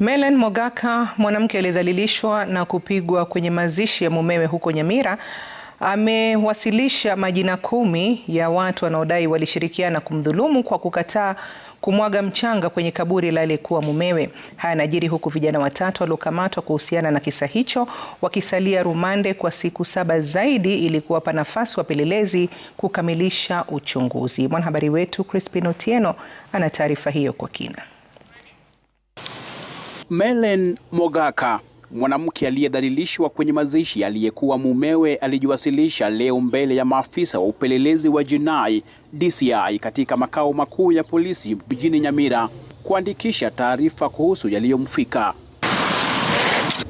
Mellen Mogaka, mwanamke aliyedhalilishwa na kupigwa kwenye mazishi ya mumewe huko Nyamira, amewasilisha majina kumi ya watu wanaodai walishirikiana kumdhulumu kwa kukataa kumwaga mchanga kwenye kaburi la aliyekuwa mumewe. Haya yanajiri huku vijana watatu waliokamatwa kuhusiana na kisa hicho wakisalia rumande kwa siku saba zaidi ili kuwapa nafasi wapelelezi kukamilisha uchunguzi. Mwanahabari wetu Crispin Otieno ana taarifa hiyo kwa kina melen Mogaka mwanamke aliyedhalilishwa kwenye mazishi aliyekuwa mumewe alijiwasilisha leo mbele ya maafisa wa upelelezi wa jinai DCI katika makao makuu ya polisi mjini Nyamira kuandikisha taarifa kuhusu yaliyomfika.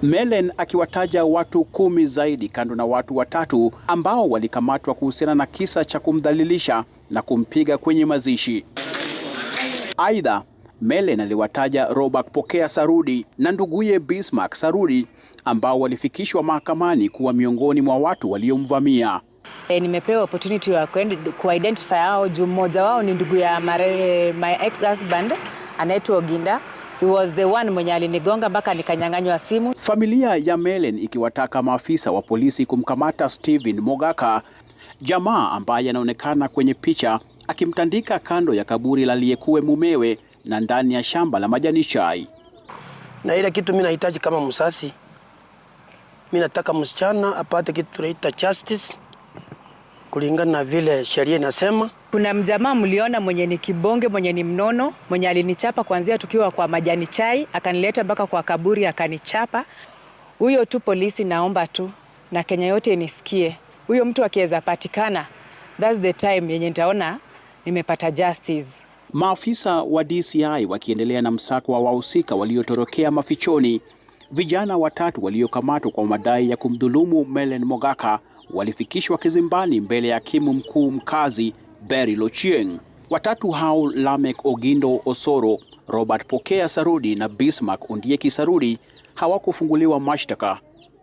melen akiwataja watu kumi zaidi kando na watu watatu ambao walikamatwa kuhusiana na kisa cha kumdhalilisha na kumpiga kwenye mazishi. Aidha, Mellen aliwataja Robert Pokea Sarudi na nduguye Bismarck Sarudi ambao walifikishwa mahakamani kuwa miongoni mwa watu waliomvamia. E, nimepewa opportunity ya kuidentify hao juu mmoja wao ni ndugu ya mare, my ex husband anaitwa Oginda. He was the one mwenye alinigonga mpaka nikanyang'anywa simu. Familia ya Mellen ikiwataka maafisa wa polisi kumkamata Steven Mogaka, jamaa ambaye anaonekana kwenye picha akimtandika kando ya kaburi la aliyekuwa mumewe na ndani ya shamba la majani chai. Na ile kitu mimi nahitaji kama msasi, mimi nataka msichana apate kitu tunaita justice kulingana na vile sheria inasema. Kuna mjamaa mliona mwenye ni kibonge, mwenye ni mnono, mwenye alinichapa kuanzia tukiwa kwa majani chai, akanileta mpaka kwa kaburi akanichapa. Huyo tu polisi, naomba tu na Kenya yote inisikie, huyo mtu akiweza patikana, that's the time yenye nitaona nimepata justice. Maafisa wa DCI wakiendelea na msako wa wahusika waliotorokea mafichoni. Vijana watatu waliokamatwa kwa madai ya kumdhulumu melen Mogaka walifikishwa kizimbani mbele ya hakimu mkuu mkazi Barry Lochieng. Watatu hao Lamek Ogindo Osoro, Robert Pokea Sarudi na Bismarck Undieki Sarudi hawakufunguliwa mashtaka,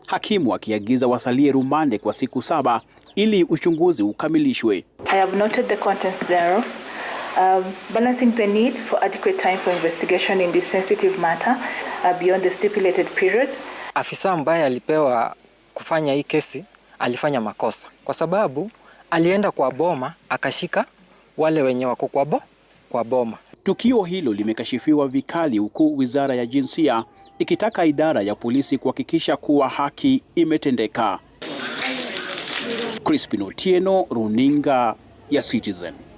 hakimu akiagiza wasalie rumande kwa siku saba ili uchunguzi ukamilishwe. I have noted the contents thereof um, balancing the need for adequate time for investigation in this sensitive matter uh, beyond the stipulated period. Afisa ambaye alipewa kufanya hii kesi alifanya makosa kwa sababu alienda kwa boma akashika wale wenye wako kwa, bo, kwa boma. Tukio hilo limekashifiwa vikali huku Wizara ya Jinsia ikitaka idara ya polisi kuhakikisha kuwa haki imetendeka. Crispin Otieno, Runinga ya Citizen.